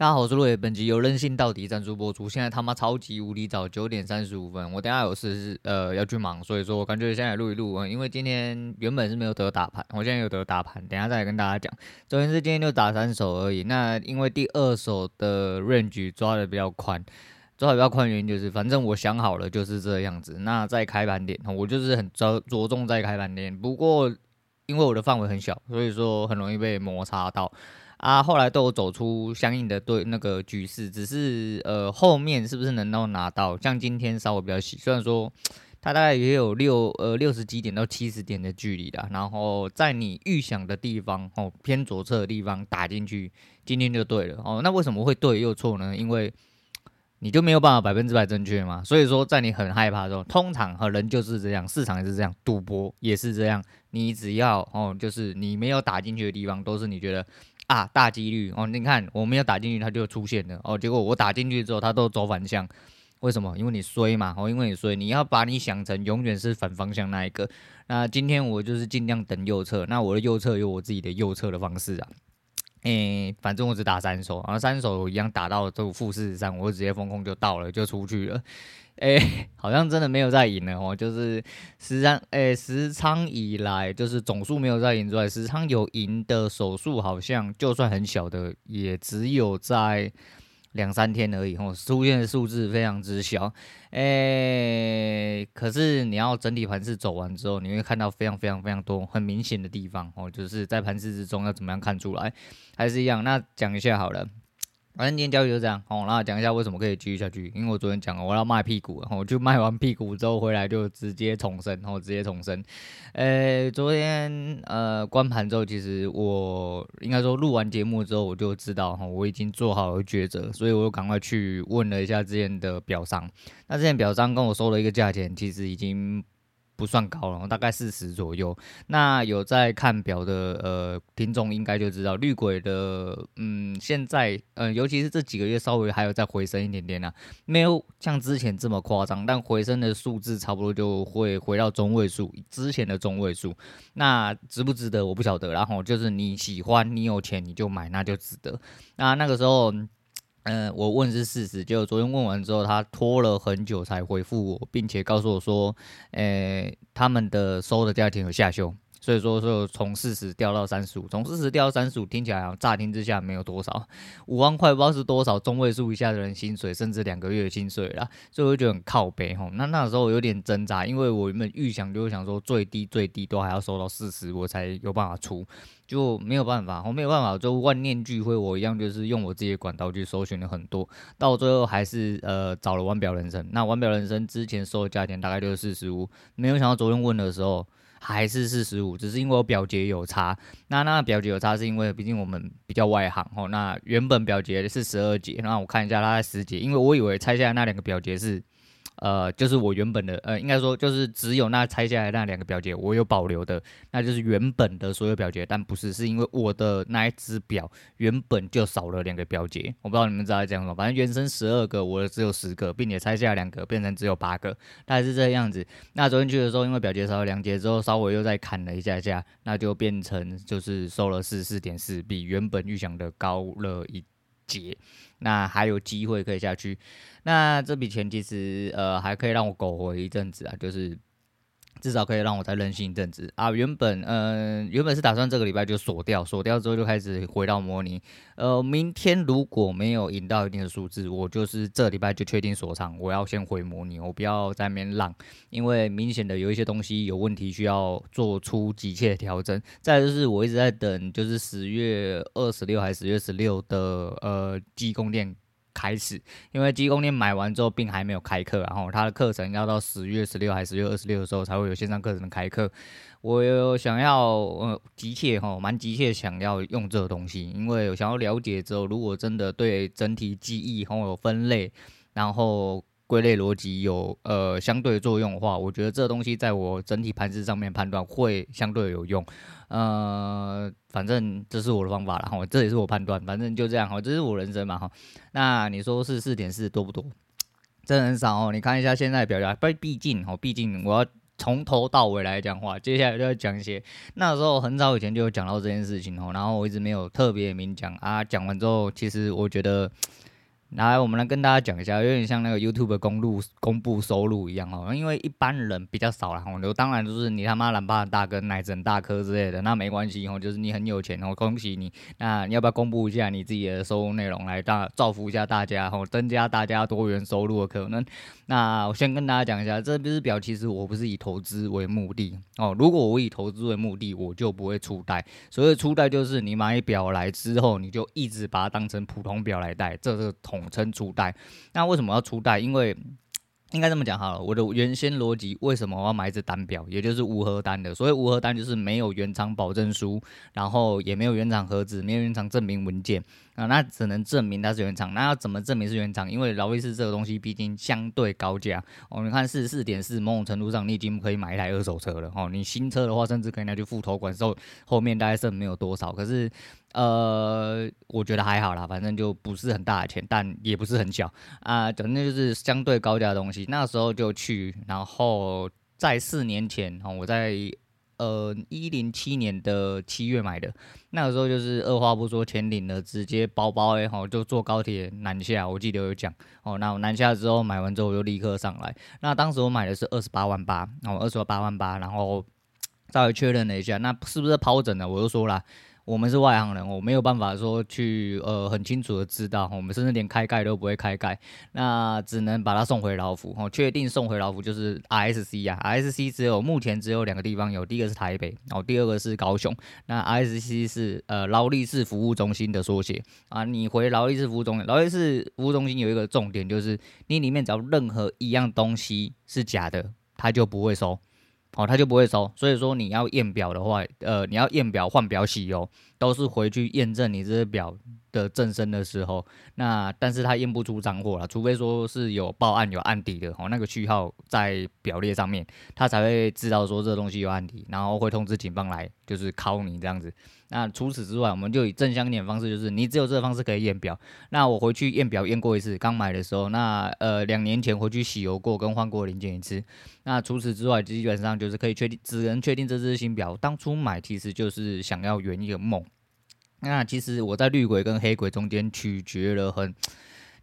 大家好，我是鹿野。本集由任性到底贊助播出。現在他媽超級無敵早，九點三十五分。我等下有事呃要去忙，所以說我感覺現在錄一錄啊。因為今天原本是沒有得打盤，我現在有得打盤，等下再來跟大家講。首先是今天就打三手而已。那因為第二手的 range 抓得比較寬，抓得比較寬的原因就是反正我想好了就是這樣子。那在開盤點，我就是很着重在開盤點。不過因為我的範圍很小，所以說很容易被摩擦到。啊，後來都有走出相應的對那個局勢，只是呃後面是不是能夠拿到？像今天稍微比較細，雖然說它大概也有六呃六十幾點到七十點的距離啦，然後在你預想的地方哦，偏左側的地方打進去，今天就對了哦。那為什麼會對又錯呢？因為你就沒有辦法百分之百正確嘛。所以說，在你很害怕的時候，通常和人就是這樣，市場也是這樣，賭博也是這樣。你只要哦，就是你沒有打進去的地方，都是你覺得。啊，大幾率哦！你看，我沒有打進去，它就出現了哦。結果我打進去之後，它都走反向，為什麼？因為你衰嘛，哦，因為你衰，你要把你想成永遠是反方向那一個。那今天我就是盡量等右側，那我的右側有我自己的右側的方式啊。誒、欸，反正我只打三手，然後三手一樣打到這個負四十三，43，我就直接風控就到了，就出去了。誒、欸，好像真的沒有再贏了哦，就是實上，誒、欸，實倉以來就是總數沒有再贏出來，實倉有贏的手數好像就算很小的，也只有在。兩三天而已哦，出現的數字非常之小，欸，可是你要整體盤勢走完之後，你會看到非常非常非常多很明顯的地方哦，就是在盤勢之中要怎麼樣看出來，還是一樣，那講一下好了。反正、啊、今天交易就是這樣，好，那我講一下為什麼可以繼續下去。因為我昨天講了我要賣屁股了，我就賣完屁股之後回來就直接重生，然後直接重生、欸。呃，昨天呃關盤之後，其實我應該說錄完節目之後我就知道，哈，我已經做好了抉擇，所以我趕快去問了一下之前的表商。那之前表商跟我說了一個價錢，其實已經。不算高了，大概四十左右。那有在看表的呃聽眾應該就知道，綠鬼的嗯現在嗯、呃，尤其是這幾個月稍微還有再回升一點點呢、啊，沒有像之前這麼誇張，但回升的數字差不多就會回到中位數之前的中位數。那值不值得我不曉得，然後就是你喜歡你有錢你就買，那就值得。那那個時候。嗯、呃，我問的是事實，就昨天問完之後，他拖了很久才回復我，並且告訴我說，誒、欸，他們的收的價錢有下修。所以說，就從四十掉到三十五，從四十掉到三十五，聽起來好像乍聽之下沒有多少，五萬塊不知道是多少，中位數以下的人薪水，甚至兩個月的薪水啦，所以我就覺得很靠背吼。那那時候有點掙扎，因為我原本預想就是想說最低最低都還要收到四十，我才有辦法出，就沒有辦法，我沒有辦法，就萬念俱灰。我一樣就是用我自己的管道去搜尋了很多，到最後還是呃找了玩錶人生。那玩錶人生之前收的價錢大概就是四十五，沒有想到昨天問的時候。還是四十五，只是因為我錶節有差。那那錶節有差，是因為畢竟我們比較外行哦。那原本錶節是十二節，那我看一下它的十節，因為我以為拆下來那兩個錶節是。呃，就是我原本的，呃，應該說就是只有那拆下來那兩個錶節，我有保留的，那就是原本的所有錶節，但不是，是因為我的那一隻錶原本就少了兩個錶節，我不知道你們知道這樣嗎？反正原生十二個，我的只有十個，並且拆下兩個，變成只有八個，大概是這個樣子。那昨天去的時候，因為錶節少了兩節之後，稍微又再砍了一下下，那就變成就是收了四十四點四，比原本預想的高了一點。結，那還有機會可以下去。那這筆錢其實，呃，還可以讓我苟活一陣子啊，就是。至少可以讓我再任性一陣子啊！原本，嗯、呃，原本是打算這個禮拜就鎖掉，鎖掉之後就開始回到模擬。呃，明天如果沒有贏到一定的數字，我就是這禮拜就確定鎖倉，我要先回模擬，我不要在那邊浪，因為明顯的有一些東西有問題，需要做出急切的調整。再來就是我一直在等，就是十月二十六還是十月十六的呃記憶宮殿，開始，因為記憶宮殿買完之後，並還沒有開課，啊，然後他的課程要到十月十六還是十月二十六的時候才會有線上課程的開課。我有想要，呃，急切哈，蠻急切想要用這個東西，因為我想要了解之後，如果真的對整體記憶，還有分類，然後。歸類邏輯有呃相對作用的話，我覺得這東西在我整體盤子上面判斷會相對有用。呃，反正這是我的方法，然後這也是我判斷，反正就這樣好，這是我人生嘛哈。那你說是四點四多不多？真的很少哦。你看一下現在表達，不，畢竟哦，畢竟我要從頭到尾來講話，接下來就要講一些。那時候很早以前就有講到這件事情哦，然後我一直沒有特別明講啊。講完之後，其實我覺得。來，我們來跟大家講一下，有點像那個 YouTube 公露公布收入一樣哦，因為一般人比較少啦，吼、哦，當然就是你他媽藍霸大哥、奶整大哥之類的，那沒關係吼、哦，就是你很有錢哦，恭喜你。那你要不要公布一下你自己的收入內容來大造福一下大家吼、哦，增加大家多元收入的可能？那我先跟大家講一下，這隻錶，其實我不是以投資為目的哦。如果我以投資為目的，我就不會出戴。所謂出戴就是你買一錶來之後，你就一直把它當成普通錶來戴，這是同。統稱初代。那為什麼要初代？因為應該這麼講好了。我的原先邏輯，為什麼我要買一隻單表，也就是無盒單的？所謂無盒單，就是沒有原廠保證書，然後也沒有原廠盒子，沒有原廠證明文件啊。那只能證明它是原廠。那要怎麼證明是原廠？因為勞力士這個東西畢竟相對高價。我、哦、們看四十四點四，某種程度上你已經可以買一台二手車了。哦，你新車的話，甚至可以拿去付頭款之後，後面大概是沒有多少，可是。呃，我覺得還好啦，反正就不是很大的錢，但也不是很小啊，反、呃、正就是相對高價的東西。那時候就去，然後在四年前哦，我在呃一零七年的七月買的，那個時候就是二話不說錢領了，直接包包哎、欸、哈、哦，就坐高鐵南下。我記得有講哦，那我南下之後買完之後我就立刻上來。那當時我買的是二十八萬八哦，二十八萬八，然後稍微確認了一下，那是不是拋整了？我就說了。我們是外行人，我沒有辦法說去呃很清楚的知道，我們甚至連開蓋都不會開蓋，那只能把它送回勞服，哦，確定送回勞服就是 RSC 啊，RSC 只有目前只有兩個地方有，第一個是台北，哦，第二個是高雄，那 RSC 是呃勞力士服務中心的縮寫啊，你回勞力士服務中心，勞力士服務中心有一個重點就是你裡面只要任何一樣東西是假的，他就不會收。好，他就不會收。所以說，你要驗表的話，呃，你要驗表換表洗油。都是回去驗證你這隻錶的正身的時候，那但是他驗不出贓貨了，除非說是有報案有案底的哦，那個序號在表列上面，他才會知道說這東西有案底，然後會通知警方來就是銬你這樣子。那除此之外，我們就以正向一點的方式，就是你只有這個方式可以驗錶。那我回去驗錶驗過一次，剛買的時候，那呃兩年前回去洗油過跟換過零件一次。那除此之外，基本上就是可以確定，只能確定這隻新錶當初買其實就是想要圓一個夢。那其實我在綠鬼跟黑鬼中間取決了很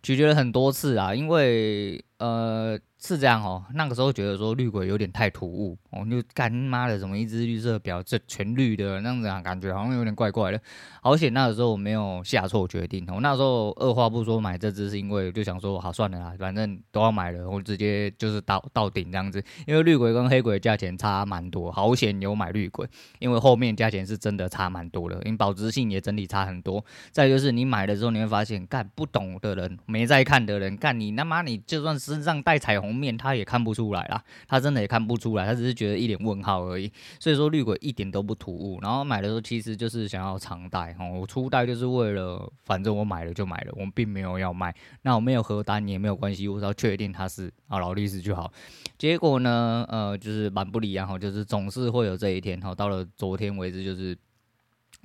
取決了很多次啊，因為。呃，是這樣哦。那個時候覺得說綠鬼有點太突兀，我、喔、就幹媽的怎麼一隻綠色表，這全綠的那樣子啊，感覺好像有點怪怪的。好險，那個時候我沒有下錯決定。我、喔、那時候二話不說買這隻，是因為就想說好，啊，算了啦，反正都要買了，我直接就是到到頂這樣子。因為綠鬼跟黑鬼價錢差蠻多，好險有買綠鬼，因為後面價錢是真的差蠻多的，因為保值性也整體差很多。再就是你買了之後，你會發現幹不懂的人，沒在看的人，幹你他媽你就算身上帶彩虹面，他也看不出來啦，他真的也看不出來，他只是覺得一臉問號而已。所以說綠鬼一點都不突兀，然後買的時候其實就是想要常戴，我初戴就是為了，反正我買了就買了，我並沒有要賣，那我沒有盒單也沒有關係，我只要確定他是啊勞力士就好。結果呢，呃，就是蠻不理想齁，就是總是會有這一天齁，到了昨天為止就是。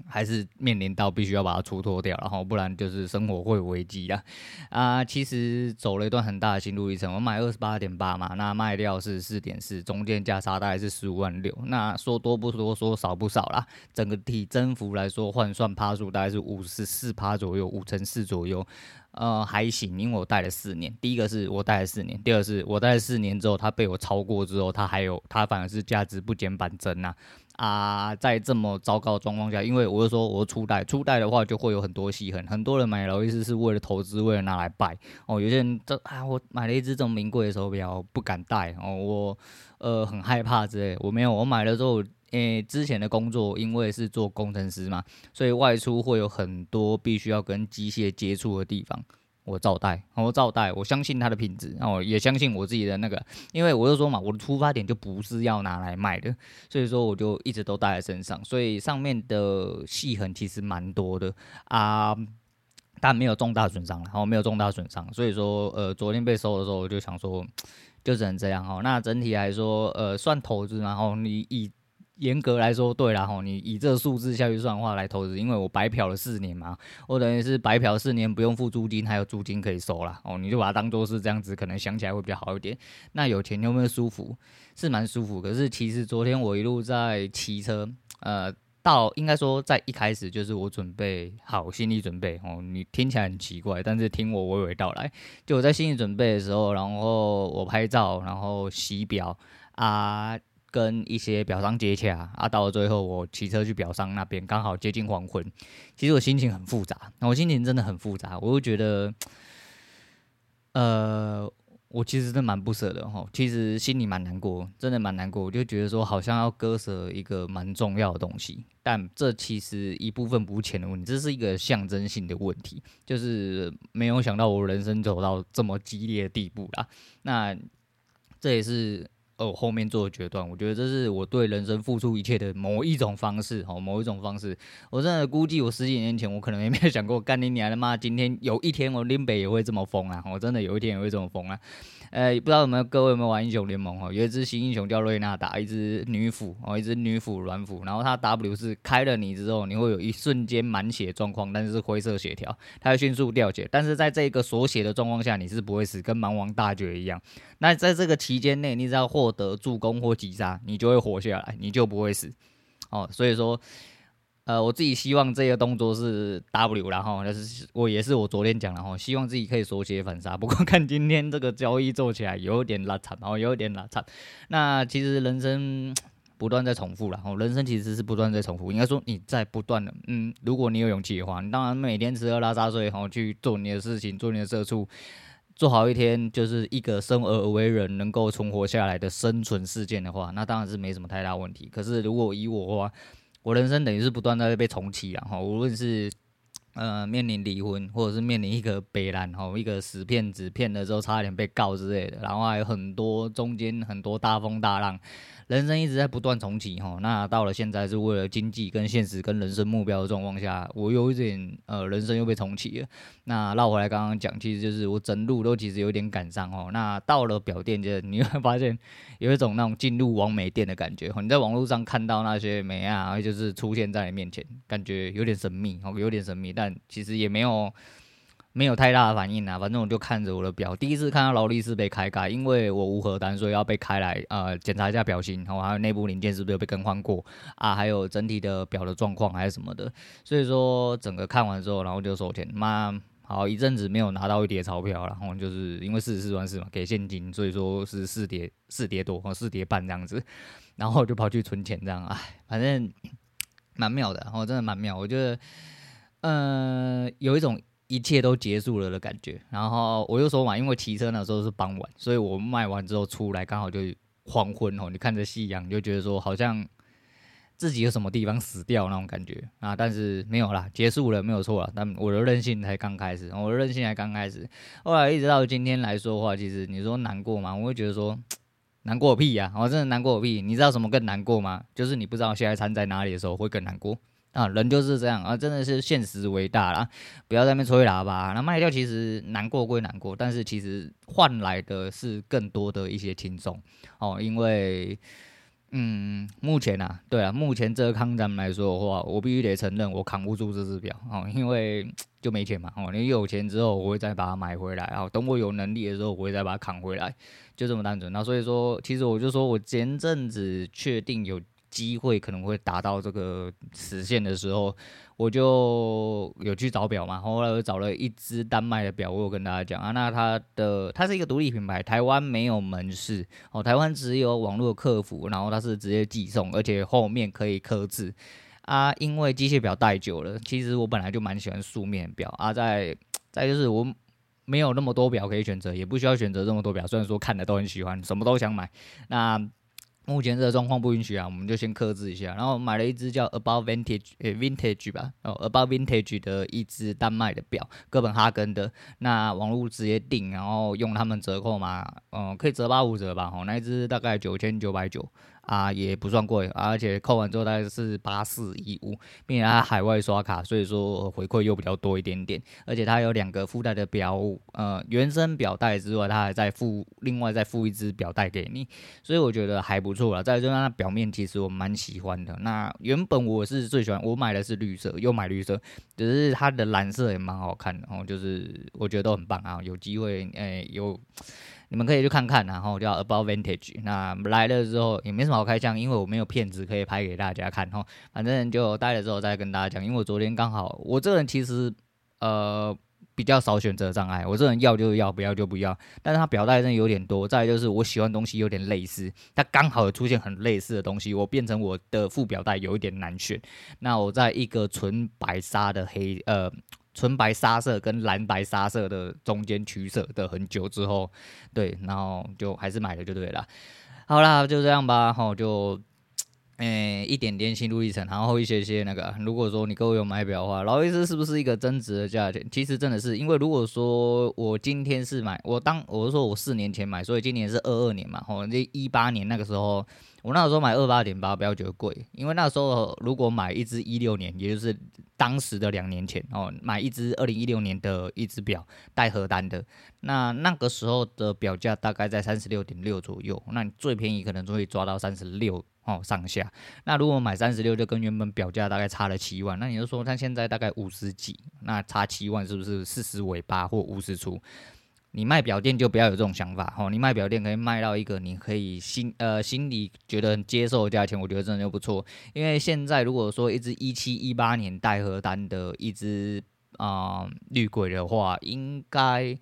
還是面臨到必須要把它出脫掉，然後不然就是生活會有危機啦。啊、呃，其實走了一段很大的心路歷程。我買二十八點八嘛，那賣掉是四點四，中間價差大概是十五萬六。那說多不多，說少不少啦。整個體增幅來說，換算趴數大概是五十四趴左右，五成四左右。呃，還行，因為我帶了四年。第一個是我帶了四年，第二個是我帶了四年，年之後，它被我超過之後，它還有它反而是價值不減反增啦、啊。啊、呃，在這麼糟糕的狀況下，因為我是說，我初代，初代的話就會有很多細痕。很多人買勞力士是為了投資，為了拿來擺哦，有些人這啊，我買了一隻這麼名貴的手錶，不敢戴哦，我呃很害怕之類。我沒有，我買了之後，誒、欸，之前的工作因為是做工程師嘛，所以外出會有很多必須要跟機械接觸的地方。我照戴，我照戴，我相信它的品質，然後也相信我自己的那個，因為我就說嘛，我的出發點就不是要拿來賣的，所以說我就一直都戴在身上，所以上面的細痕其實蠻多的啊，但沒有重大損傷，喔，然後沒有重大損傷，所以說呃昨天被收的時候我就想說，就只能這樣哦、喔。那整體來說，呃算投資，然後你以。嚴格來說，對啦吼，你以這個數字下去算的話來投資，因為我白嫖了四年嘛，我等於是白嫖四年，不用付租金，還有租金可以收啦哦，你就把它當做是這樣子，可能想起來會比較好一點。那有錢有沒有舒服？是蠻舒服，可是其實昨天我一路在騎車，呃，到應該說在一開始就是我準備好心理準備哦，你聽起來很奇怪，但是聽我娓娓道來，就我在心理準備的時候，然後我拍照，然後洗表啊。呃跟一些錶商接洽啊，到了最後，我騎車去錶商那邊，剛好接近黃昏。其實我心情很複雜，那我心情真的很複雜，我就覺得，呃，我其實真的蠻不捨的哦。其實心裡蠻難過，真的蠻難過。我就覺得說，好像要割捨一個蠻重要的東西，但這其實一部分不是錢的問題，這是一個象徵性的問題，就是沒有想到我人生走到這麼激烈的地步啦。那這也是。我後面做的決斷，我覺得這是我對人生付出一切的某一種方式，好，某一種方式。我真的估計，我十幾年前我可能也沒有想過，幹你娘的媽！今天有一天，我林北也會這麼瘋啊！我真的有一天也會這麼瘋啊！呃、欸，不知道有沒有各位有沒有玩英雄聯盟哦、喔？有一支新英雄叫瑞娜塔，一支女輔哦、喔，一支女輔軟輔。然後他 W 是開了你之後，你會有一瞬間滿血狀況，但是是灰色血條，他會迅速掉血。但是在這個鎖血的狀況下，你是不會死，跟蠻王大絕一樣。那在這個期間內，你只要獲得助攻或擊殺，你就會活下來，你就不會死。哦、喔，所以說。呃，我自己希望這個動作是 W，然後，那、就是我也是我昨天講的哈，希望自己可以手寫反殺。不過看今天這個交易做起來有點拉慘，吼，有點拉慘。那其實人生不斷在重複了，哦，人生其實是不斷在重複。應該說你在不斷的，嗯，如果你有勇氣的話，你當然每天吃喝拉撒睡，吼，去做你的事情，做你的社畜，做好一天就是一個生而為人能夠存活下來的生存事件的話，那當然是沒什麼太大問題。可是如果以我的話，我人生等於是不斷的被重啟啊，哈，無論是，呃，面臨離婚，或者是面臨一個悲男，哈，一個死騙子騙了之後，差一點被告之類的，然後還有很多中間很多大風大浪。人生一直在不斷重啟齁，那到了現在是為了經濟跟現實跟人生目標的狀況下，我有一點呃，人生又被重啟了。那繞回來剛剛講，其實就是我整路都其實有點感傷哦。那到了錶店就，就你會發現有一種那種進入網美店的感覺。你在網絡上看到那些美啊，就是出現在你面前，感覺有點神秘哦，有點神秘，但其實也沒有。沒有太大的反應吶、啊，反正我就看着我的表，第一次看到勞力士被開蓋，因為我無盒單，所以要被開來，呃，檢查一下表芯，然後還有內部零件是不是有被更換過啊，還有整體的表的狀況還是什麼的，所以說整個看完之後，然後就收錢，媽，好一陣子沒有拿到一疊鈔票啦，然、哦、後就是因為四十四萬四嘛，給現金，所以說是四疊四疊多、哦，四疊半這樣子，然後就跑去存錢這樣，唉，反正蠻妙的，然、哦、真的蠻妙，我覺得，呃，有一種。一切都結束了的感覺，然後我就說嘛，因為騎車那時候是傍晚，所以我賣完之後出來剛好就黃昏吼、喔，你看着夕陽就覺得說好像自己有什麼地方死掉那種感覺啊，但是沒有啦，結束了沒有錯啦，但我的任性才剛開始，我的任性才剛開始，後來一直到今天來說的話，其實你說難過嗎？我會覺得說難過屁呀、啊，我、喔、真的難過個屁，你知道什麼更難過嗎？就是你不知道下一餐在哪裡的時候會更難過。啊，人就是這樣啊，真的是現實為大啦。不要在那邊吹喇叭、啊。那賣掉其實難過歸難過，但是其實換來的是更多的一些輕鬆哦。因為，嗯，目前啊，對啊，目前這個抗戰來說的話，我必須得承認，我扛不住這支錶哦，因為就沒錢嘛哦。你有錢之後，我會再把它買回來哦。等我有能力的時候，我會再把它扛回來，就這麼單純。那、啊、所以說，其實我就說我前陣子確定有機會可能會達到這個實現的時候，我就有去找表嘛。後來我找了一隻丹麥的表，我有跟大家講啊，那它的它是一個獨立品牌，台灣沒有門市哦、喔，台灣只有網絡客服，然後它是直接寄送，而且後面可以刻字啊。因為機械表戴久了，其實我本來就蠻喜歡素面表啊。再再就是我沒有那麼多表可以選擇，也不需要選擇這麼多表。雖然說看的都很喜歡，什麼都想買，那。目前這個狀況不允許啊，我們就先克制一下。然後買了一只叫 About Vintage 呃、欸、Vintage 吧，哦 About Vintage 的一只丹麥的表，哥本哈根的，那網絡直接訂，然後用他們折扣嘛，嗯，可以折八五折吧，哦，那一只大概九千九百九。啊，也不算貴，啊，而且扣完之後大概是八四一五，並且它海外刷卡，所以說回饋又比較多一點點。而且它有兩個附帶的表，呃，原生表帶之外，它還再附另外再附一隻表帶給你，所以我覺得還不錯了。再就是它表面其實我蠻喜歡的。那原本我是最喜歡，我買的是綠色，又買綠色，只、就是它的藍色也蠻好看的，然、哦、後就是我覺得都很棒啊，有機會哎、欸、有你們可以去看看、啊，然後叫 About Vintage。那來了之後也沒什麼好開箱，因為我沒有片子可以拍給大家看，反正就待了之後再跟大家講。因為我昨天剛好，我這個人其實呃比較少選擇障礙，我這個人要就要，不要就不要。但是它表帶真的有點多，再來就是我喜歡東西有點類似，它剛好出現很類似的東西，我變成我的副表帶有一點難選。那我在一個純白紗的黑呃。純白沙色跟藍白沙色的中間取捨的很久之後，對，然後就還是買了就對了。好啦，就這樣吧，好就。誒、欸，一點點心路歷程，然後一些些那個、啊。如果說你各位有買表的話，勞力士是不是一個增值的價錢？其實真的是，因為如果說我今天是買，我當我是說，我四年前買，所以今年是二二年嘛。哦，那一八年那個時候，我那時候買二八點八，不要覺得貴，因為那時候如果買一隻一六年，也就是當時的兩年前，哦，買一隻二零一六年的一隻表帶盒單的，那那個時候的表價大概在三十六點六左右。那你最便宜可能就會抓到三十六。哦，上下。那如果買三十六，就跟原本表價大概差了七萬，那你就說他現在大概五十幾，那差七萬是不是四十尾八或五十出？你賣表店就不要有這種想法，哦，你賣表店可以賣到一個你可以心呃心裡覺得很接受的價錢，我覺得真的就不錯。因為現在如果說一只一七一八年帶盒單的一只啊、呃、綠鬼的話，應該。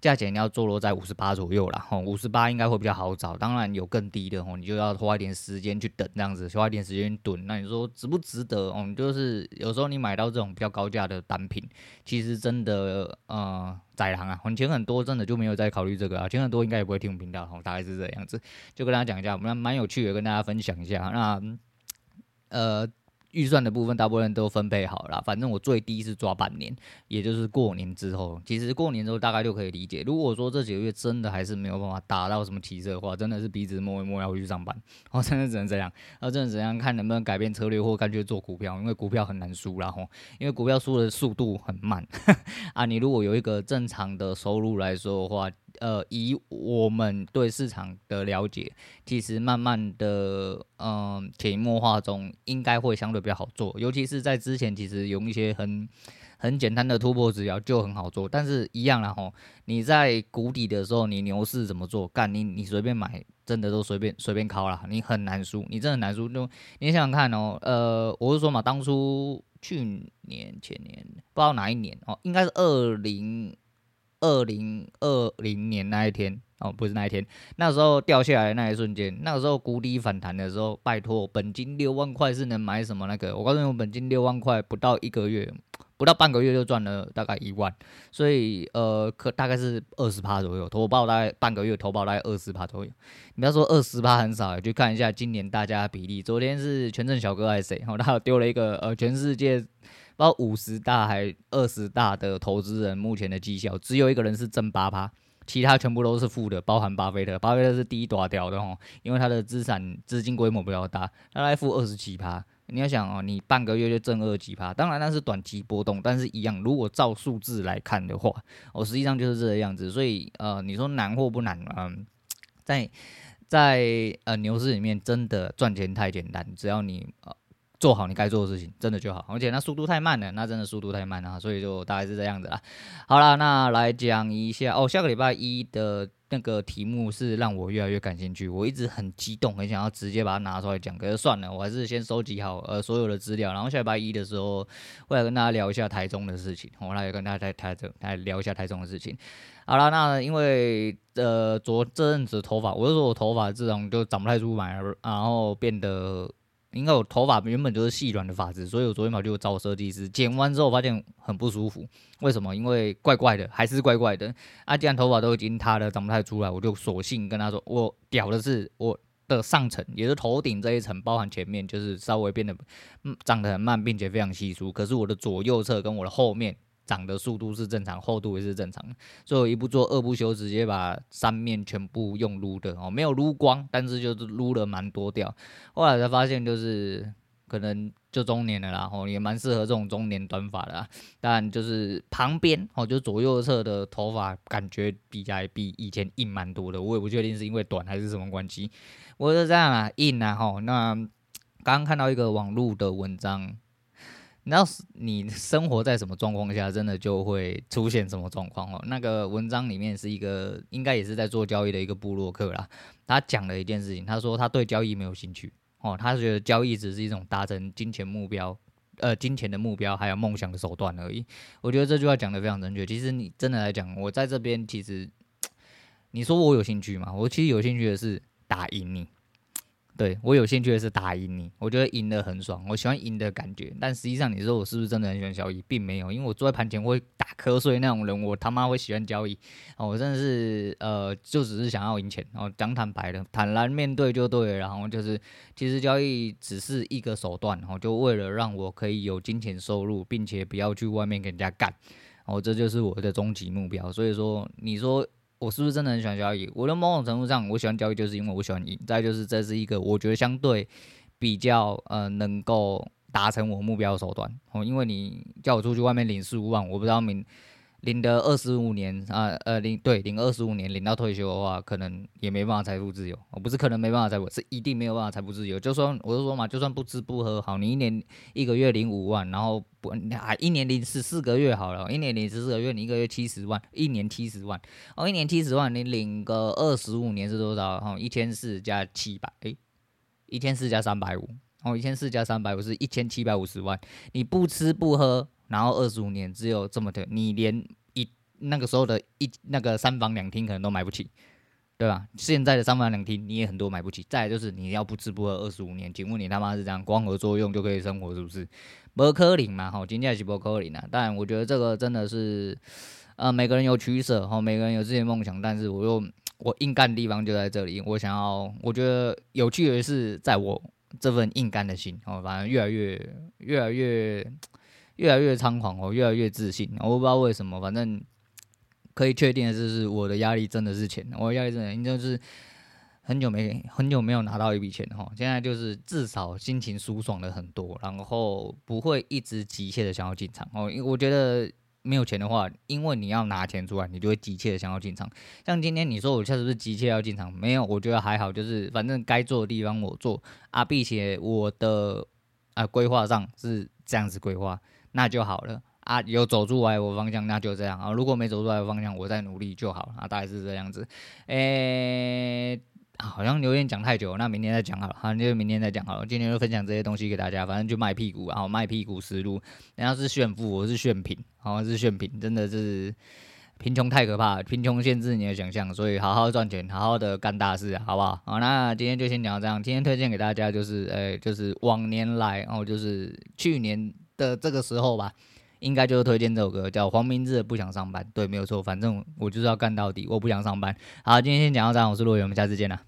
價錢要坐落在五十八左右了哈，五十八應該會比較好找，當然有更低的哈，你就要花一點時間去等，這樣子花一點時間蹲，那你說值不值得？哦，就是有時候你買到這種比較高價的單品，其實真的，呃，宰人啊，花錢很多，真的就沒有在考慮這個啊，錢很多應該也不會聽我們頻道，大概是這樣子，就跟大家講一下，我們蠻有趣的，跟大家分享一下，那，呃。預算的部分大部分都分配好了啦，反正我最低是抓半年，也就是過年之後。其實過年之後大概就可以理解，如果說這幾個月真的還是沒有辦法達到什麼提升的話，真的是鼻子摸一摸要回去上班，哦、喔，真的只能這樣。那、啊、真的只能怎樣看能不能改變策略，或乾脆做股票？因為股票很難輸，然後因為股票輸的速度很慢呵呵啊。你如果有一個正常的收入來說的話。呃，以我們對市場的了解，其實慢慢的，嗯、呃，潛移默化中，應該會相對比較好做。尤其是在之前，其實用一些很很簡單的突破指標就很好做。但是，一樣啦，吼，你在谷底的時候，你牛市怎麼做？幹你，你隨便買，真的都隨便隨便靠啦。你很難輸，你真的很難輸。就你想想看哦、喔，呃，我是說嘛，當初去年前年不知道哪一年哦，應該是二零。二零二零年那一天哦，不是那一天，那時候掉下來的那一瞬間，那時候谷底反彈的時候，拜託，本金六萬塊是能買什麼那個？我告訴你，我本金六萬塊不到一個月，不到半個月就賺了大概一萬，所以呃，可大概是二十趴左右，投報大概半個月，投報大概二十趴左右。你不要說二十趴很少、欸，去看一下今年大家比例，昨天是權證小哥還是誰？然、哦、後他丟了一個呃，全世界。包五十大還二十大的投資人，目前的績效只有一個人是正八趴，其他全部都是負的，包含巴菲特。巴菲特是第一大屌的哦，因為他的資產資金規模比較大，他來負二十七趴。你要想哦、喔，你半個月就正二幾趴，當然那是短期波動，但是一樣，如果照數字來看的話，我、喔、實際上就是這個樣子。所以呃，你說難或不難嗯、呃，在在呃牛市裡面，真的賺錢太簡單，只要你啊。呃做好你該做的事情，真的就好。而且那速度太慢了，那真的速度太慢了，所以就大概是這樣子啦。好啦，那來講一下哦，下個禮拜一的那個題目是讓我越來越感興趣，我一直很激動，很想要直接把它拿出來講，可是算了，我還是先收集好呃所有的資料，然後下禮拜一的時候，會來跟大家聊一下台中的事情。我、哦、來跟大家台中來聊一下台中的事情。好啦，那因為呃昨這陣子的頭髮，我就說我頭髮這種就長不太出來，然後變得。因為我頭髮原本就是細軟的髮質，所以我昨天晚上就找設計師剪完之後發現很不舒服。為什麼？因為怪怪的，還是怪怪的。啊，既然頭髮都已經塌了，長不太出來，我就索性跟他說，我屌的是我的上層，也是頭頂這一層，包含前面，就是稍微變得嗯長得很慢，並且非常稀疏。可是我的左右側跟我的後面。長的速度是正常，厚度也是正常的。所以我一不做二不休，直接把三面全部用擼的哦，沒有擼光，但是就是擼了蠻多掉。後來才發現，就是可能就中年了啦，哦，也蠻適合這種中年短髮的啦。但就是旁邊哦，就左右側的頭髮感覺比較比以前硬蠻多的，我也不確定是因為短還是什麼關係。我就這樣啊，硬啊，吼、哦。那剛剛看到一個網路的文章。你知道你生活在什麼狀況下，真的就會出現什麼狀況哦。那個文章裡面是一個，應該也是在做交易的一個部落客啦。他講了一件事情，他說他對交易沒有興趣哦，他覺得交易只是一種達成金錢目標、呃金錢的目標還有夢想的手段而已。我覺得這句話講的非常正確。其實你真的來講，我在這邊其實，你說我有興趣嗎？我其實有興趣的是打贏你。對，我有興趣的是打贏你，我覺得贏得很爽，我喜歡贏的感覺。但實際上你說我是不是真的很喜歡交易，並沒有，因為我坐在盤前會打瞌睡那種人，我他媽會喜歡交易哦，我真的是呃，就只是想要贏錢，哦。講坦白的，坦然面對就對。然後就是，其實交易只是一個手段，哦，就為了讓我可以有金錢收入，並且不要去外面跟人家幹，哦，這就是我的終極目標。所以說，你說。我是不是真的很喜歡交易？我的某種程度上，我喜歡交易，就是因為我喜歡贏。再就是，這是一個我覺得相對比較呃能夠達成我目標的手段。哦、嗯，因為你叫我出去外面領四五萬，我不知道明，領的二十五年啊，呃，領，對，領二十五年，領到退休的話，可能也沒辦法財富自由。我不是可能沒辦法財富，是一定沒有辦法財富自由。就說，我就說嘛，就算不吃不喝好，你一年一個月領五萬，然後不啊，一年領十四個月好了，一年領十四個月，你一個月七十萬，一年七十萬。哦，一年七十萬，你領個二十五年是多少？哦，一千四加七百、欸，哎，一千四加三百五，哦，一千四加三百五是一千七百五十萬。你不吃不喝。然後二十五年只有這麼的，你連一那個時候的一那個三房兩廳可能都買不起，對吧？現在的三房兩廳你也很多買不起。再就是你要不吃不喝二十五年，請問你他媽是這樣光合作用就可以生活是不是？不可能嘛，吼，真正是不可能啊。但我覺得這個真的是，呃，每個人有取舍，吼，每個人有自己的夢想。但是我又我硬幹的地方就在這裡，我想要，我覺得有趣的是，在我這份硬幹的心，哦，反正越來越越來越。越來越猖狂我、哦、越來越自信。我不知道為什麼，反正可以確定的就是，是我的壓力真的是錢。我的壓力真的就是很久沒很久沒有拿到一筆錢哈。現在就是至少心情舒爽了很多，然後不會一直急切的想要進場哦。因為我覺得沒有錢的話，因為你要拿錢出來，你就會急切的想要進場。像今天你說我確實是急切要進場，沒有，我覺得還好，就是反正該做的地方我做啊，並且我的啊規劃上是這樣子規劃。那就好了啊，有走出來我方向，那就這樣啊。如果沒走出來的方向，我再努力就好啊。大概是這樣子，誒、欸，好像有點講太久，那明天再講好了，好、啊，那就明天再講好了。今天就分享這些東西給大家，反正就賣屁股啊，賣屁股實錄。人家是炫富，我是炫貧，好、啊、像是炫貧，真的是貧窮太可怕，貧窮限制你的想象，所以好好賺錢，好好的幹大事、啊，好不好？好、啊，那今天就先講這樣，今天推薦給大家就是，誒、欸，就是往年來，然、啊、後就是去年。的這個時候吧，應該就是推薦這首歌，叫黃明志《不想上班》。對，沒有錯，反正我，我就是要幹到底，我不想上班。好，今天先講到這樣，我是洛威，我們下次見啦。